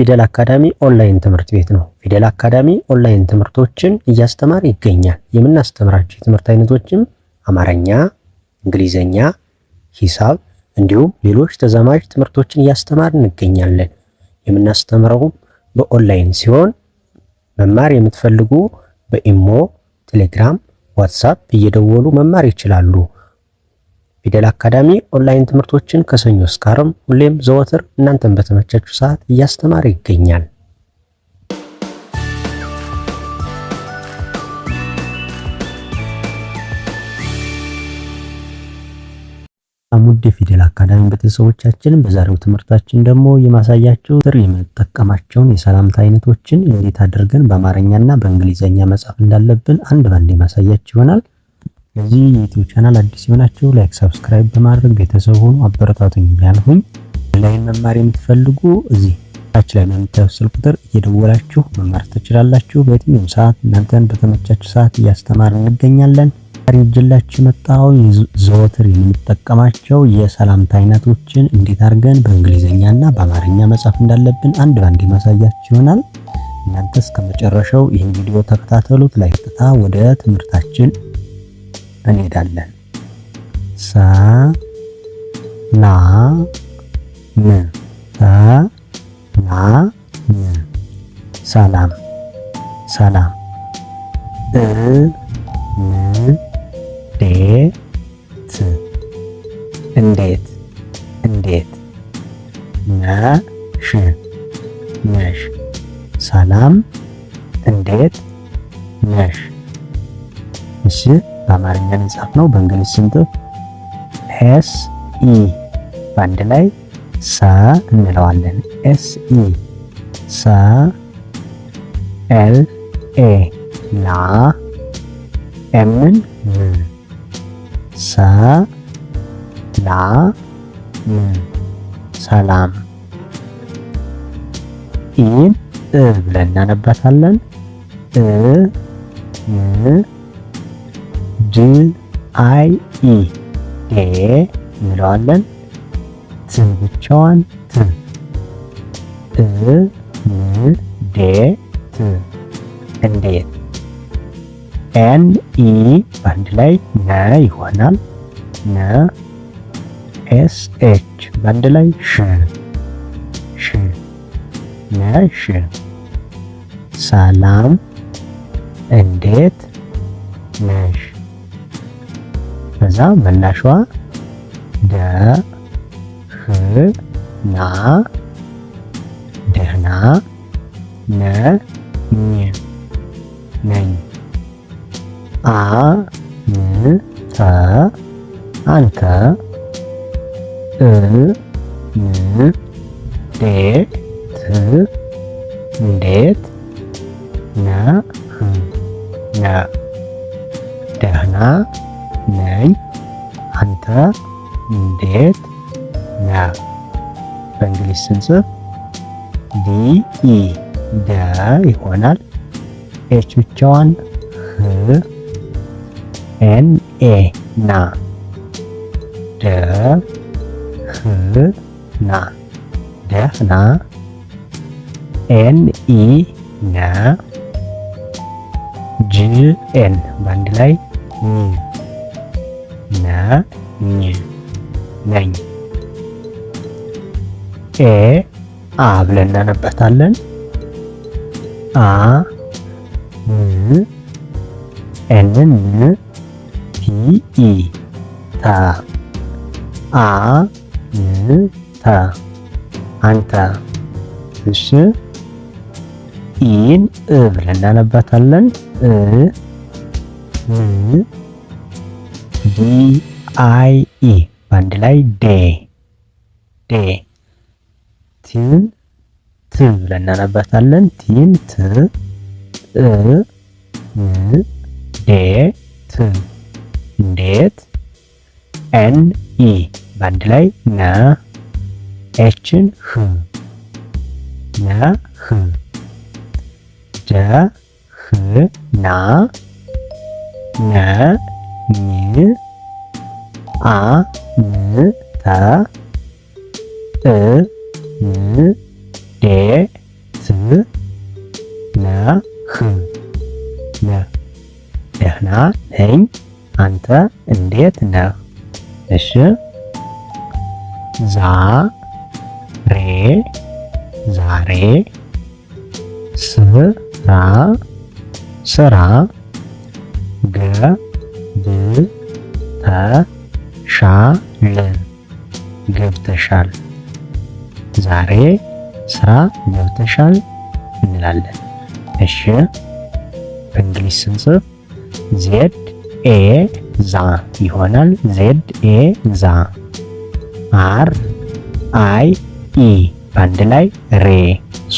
ፊደል አካዳሚ ኦንላይን ትምህርት ቤት ነው። ፊደል አካዳሚ ኦንላይን ትምህርቶችን እያስተማር ይገኛል። የምናስተምራቸው የትምህርት አይነቶችም አማርኛ፣ እንግሊዘኛ፣ ሂሳብ እንዲሁም ሌሎች ተዛማጅ ትምህርቶችን እያስተማር እንገኛለን። የምናስተምረውም በኦንላይን ሲሆን መማር የምትፈልጉ በኢሞ፣ ቴሌግራም፣ ዋትሳፕ እየደወሉ መማር ይችላሉ። ፊደል አካዳሚ ኦንላይን ትምህርቶችን ከሰኞ እስከ ዓርብ ሁሌም ዘወትር እናንተን በተመቻችሁ ሰዓት እያስተማረ ይገኛል። አሙድ ፊደል አካዳሚ ቤተሰቦቻችን በዛሬው ትምህርታችን ደግሞ የማሳያችሁ ትር የምንጠቀማቸውን የሰላምታ አይነቶችን እንዴት አድርገን በአማርኛና በእንግሊዘኛ መጻፍ እንዳለብን አንድ ባንድ የማሳያችሁ ይሆናል። ለዚህ ዩቲዩብ ቻናል አዲስ የሆናችሁ ላይክ፣ ሰብስክራይብ በማድረግ ቤተሰብ ሆኑ አበረታቱኝ እያልኩኝ ኦንላይን መማር የምትፈልጉ እዚህ ታች ላይ በምታዩት ስልክ ቁጥር እየደወላችሁ መማር ትችላላችሁ። በየትኛውም ሰዓት እናንተን በተመቻችሁ ሰዓት እያስተማር እንገኛለን። ዛሬ ይዤላችሁ ዘወትር የምንጠቀማቸው የሰላምታ አይነቶችን እንዴት አድርገን በእንግሊዝኛና በአማርኛ መጻፍ እንዳለብን አንድ ባንድ ማሳያችሁ ይሆናል። እናንተ ከመጨረሻው ይህን ቪዲዮ ተከታተሉት። ላይ ቀጥታ ወደ ትምህርታችን እንሄዳለን። ሰ ላ ም ሰ ና ም ሰላም ሰላም እ ን ዴ ት እንዴት እንዴት ነሽ ነሽ ሰላም እንዴት ነሽ እሺ በአማርኛ ንጻፍ ነው። በእንግሊዝ ስንጽፍ ኤስ ኢ በአንድ ላይ ሰ እንለዋለን። ኤስ ኢ ሰ ኤል ኤ ላ ኤምን ም ሰ ላ ም ሰላም ኢን እ ብለን እናነባታለን እ ም ድ አይ ኢ ኤ እንለዋለን። ት ብቻዋን ት እ ን ዴ ት እንዴት። ኤን ኢ በአንድ ላይ ነ ይሆናል። ነ ኤስ ኤች በአንድ ላይ ሽ ሽ ነ ሽ ሰላም እንዴት ነሽ? ከዛ ምላሿ ደ ና ደህና ነ ነኝ አ ን ተ አንተ እ ን ዴ ት እንዴት ነ ነ ደህና እንዴት ነው። በእንግሊዝ ስንጽፍ ዲኢ ደ ይሆናል። ኤች ብቻዋን ህ ኤን ኤ ና ደ ህ ና ደህና ኤን ኢ ነ ጂ ኤን በአንድ ላይ ነ ኝ ነኝ። ኤ አ ብለን እናነበታለን። አ ን ኤንን ን ፒ ኢ ተ አ ን ተ አንተ። እሺ ኢን እ ብለን እናነበታለን። እ ን ዲ አይኢ በአንድ ላይ ዴ ዴ ቲን ት ብለን እናነባታለን። ቲን ት እ ን ዴ ት እንዴት ኤን ኢ በአንድ ላይ ነ ኤችን ህ ነ ህ ደ ህ ና ነ ኝ አ ን ተ ጥ ን ዴ ት ነ ህ ነ ደህና ነኝ። አንተ እንዴት ነህ? እሺ ዛ ሬ ዛሬ ስራ ስራ ገ ብ ተ ሻለ ገብተሻል። ዛሬ ስራ ገብተሻል እንላለን። እሺ በእንግሊዝ ስንጽፍ ዜድ ኤ ዛ ይሆናል። ዜድ ኤ ዛ አር አይ ኢ ባንድ ላይ ሬ፣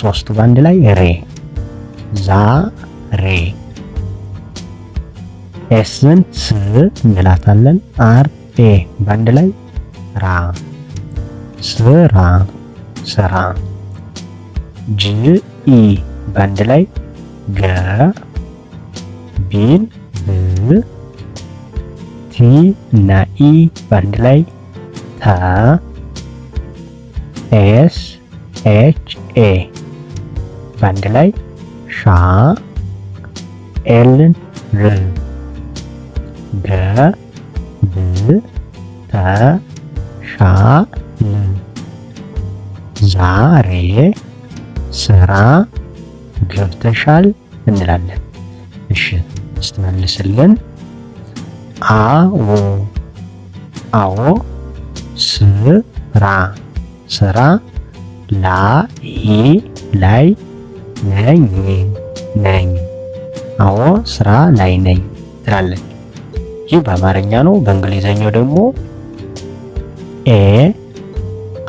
ሶስቱ ባንድ ላይ ሬ ዛ ሬ ኤስን ስ እንላታለን። አር ኤ በአንድ ላይ ራ ስራ ስራ ጂ ኢ በአንድ ላይ ገ ቢን ብ ቲ እና ኢ በአንድ ላይ ተ ኤስ ኤች ኤ በአንድ ላይ ሻ ኤልን ር ገ ተሻለ ዛሬ ስራ ገብተሻል እንላለን። እሺ ስትመልስልን አዎ አዎ ስራ ስራ ላይ ላይ ነኝ ነኝ አዎ ስራ ላይ ነኝ ትላለች። ይህ በአማርኛ ነው። በእንግሊዘኛው ደግሞ ኤ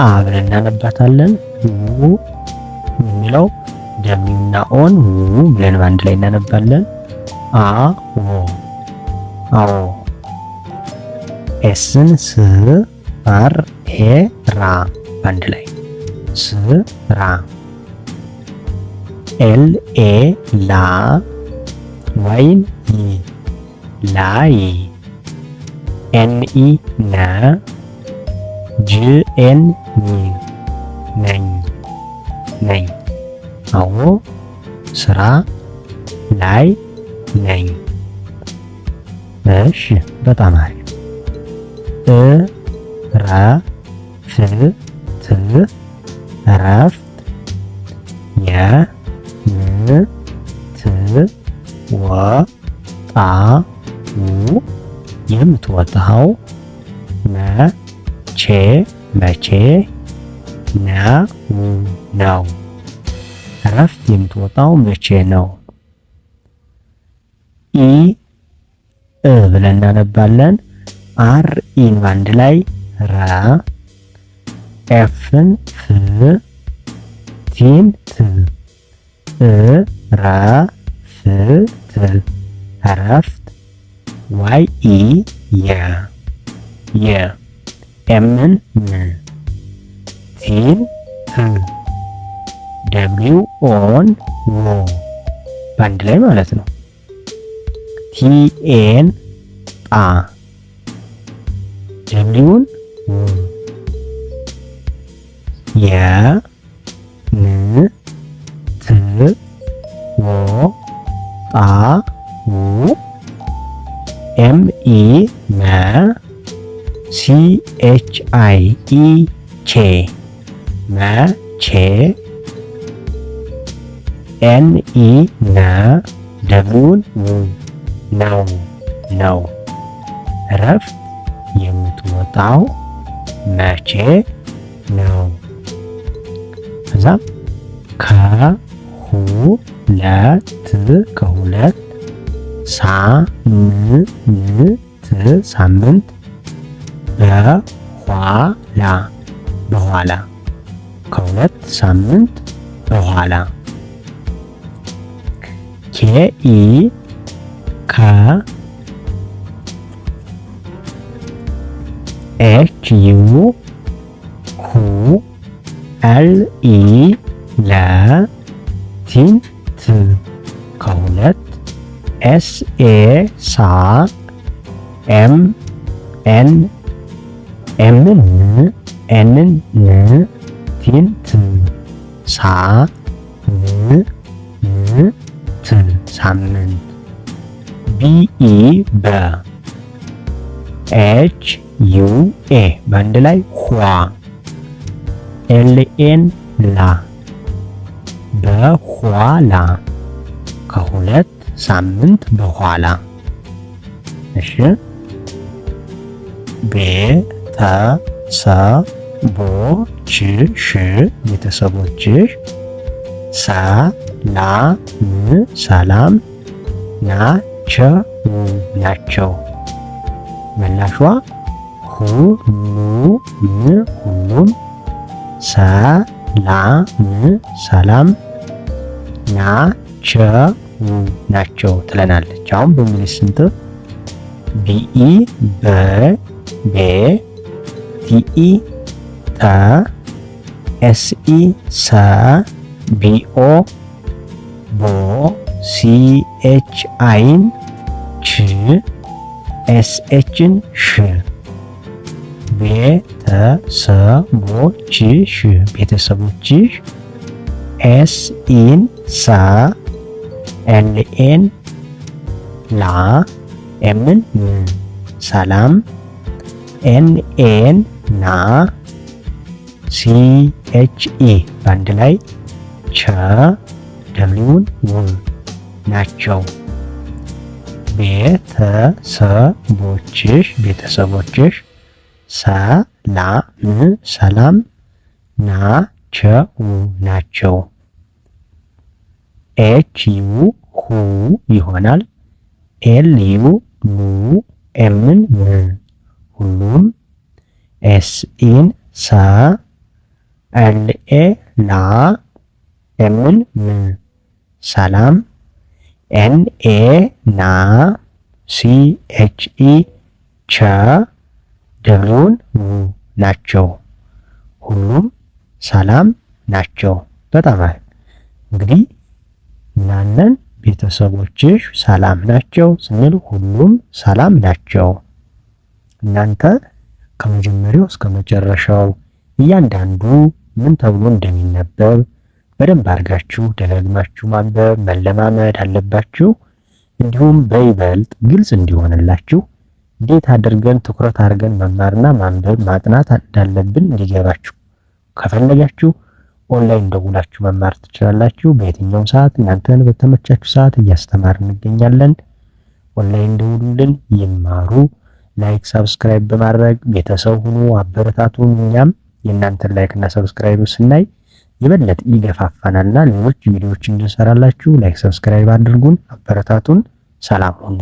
አ ብለን እናነባታለን። ው የሚለው ደሚና ኦን ው ብለን በአንድ ላይ እናነባለን። አ ዎ አዎ። ኤስን ስ አር ኤ ራ በአንድ ላይ ስ ራ ኤል ኤ ላ ዋይን ላይ ኤንኢ ና ኒ ነኝ ነኝ። አዎ ስራ ላይ ነኝ። እሺ በጣም አሪፍ። እረፍት እረፍት የምትወጣው የምትወጣው መቼ መቼ ነው ነው። እረፍት የምትወጣው መቼ ነው? ኢ እ ብለን እናነባለን። አር ኢን በአንድ ላይ ራ፣ ኤፍን ፍ፣ ቲን ት፣ እ ራ ፍ ት እረፍት ዋይ ኢ የ የ ኤምን ም ቲን ት ደብሊው ኦን ዎ በአንድ ላይ ማለት ነው። ቲኤን ጣ ደብሊውን ው የ ን ት ዎ ጣ ኤም ኢ መ ሲ ኤች አይ ኢ ቼ መ ቼ ኤን ኢ ነ ደብሉን ነው ነው እረፍት የምትወጣው መቼ ነው? ከዛም ከሁለት ከሁለት ሳ ሳምንት በኋላ በኋላ ከሁለት ሳምንት በኋላ ኬኢ ከ ኤች ዩ ሁ ኤል ኢ ለ ት ከሁለት ኤስ ኤ ሳ ኤም ኤን ኤምን ኤንን ን ቲን ት ሳ ን ን ት ሳምንት ቢኢ በ ኤች ዩ ኤ በአንድ ላይ ኋ ኤልኤን ላ e በኋላ ከሁለት ሳምንት በኋላ እሺ ቤተሰቦችሽ ቤተሰቦችሽ ሰላም ሰላም ናቸው ናቸው። መላሿ ሁሉም ሁሉም ሰላም ሰላም ናቸው ናቸው ትለናለች። አሁን በእንግሊዝ ስንት ቢኢ በቤ ቲኢ ታ ኤስኢ ሳ ቢኦ ቦ ሲኤች አይን ች ኤስኤችን ሽ ቤተሰቦችሽ ቤተሰቦችሽ ኤስኢን ሳ alien là emin salam nan ና ሲኤችኢ በአንድ ላይ ቸ ደብሊውን ው ናቸው። ቤተሰቦችሽ ቤተሰቦችሽ ሰላም ሰላም ናቸው ናቸው ኤች ዩ ሁ ይሆናል። ኤል ዩ ሉ ኤምን ም ሁሉም ኤስ ኢን ሳ ኤል ኤ ላ ኤምን ም ሰላም ኤን ኤ ና ሲ ኤች ኢ ቸ ደብሩን ው ናቸው። ሁሉም ሰላም ናቸው። በጣም እንግዲህ እናነን ቤተሰቦችሽ ሰላም ናቸው ስንል ሁሉም ሰላም ናቸው። እናንተ ከመጀመሪያው እስከ መጨረሻው እያንዳንዱ ምን ተብሎ እንደሚነበብ በደንብ አድርጋችሁ ደጋግማችሁ ማንበብ መለማመድ አለባችሁ። እንዲሁም በይበልጥ ግልጽ እንዲሆንላችሁ እንዴት አድርገን ትኩረት አድርገን መማርና ማንበብ ማጥናት እንዳለብን እንዲገባችሁ ከፈለጋችሁ ኦንላይን ደውላችሁ መማር ትችላላችሁ። በየትኛውም ሰዓት እናንተን በተመቻችሁ ሰዓት እያስተማር እንገኛለን። ኦንላይን ደውሉልን፣ ይማሩ። ላይክ ሰብስክራይብ በማድረግ ቤተሰብ ሁኑ፣ አበረታቱን። እኛም የእናንተን ላይክ እና ሰብስክራይብ ስናይ የበለጠ ይገፋፋናልና ሌሎች ቪዲዮዎች እንድንሰራላችሁ ላይክ ሰብስክራይብ አድርጉን፣ አበረታቱን። ሰላም ሁኑ።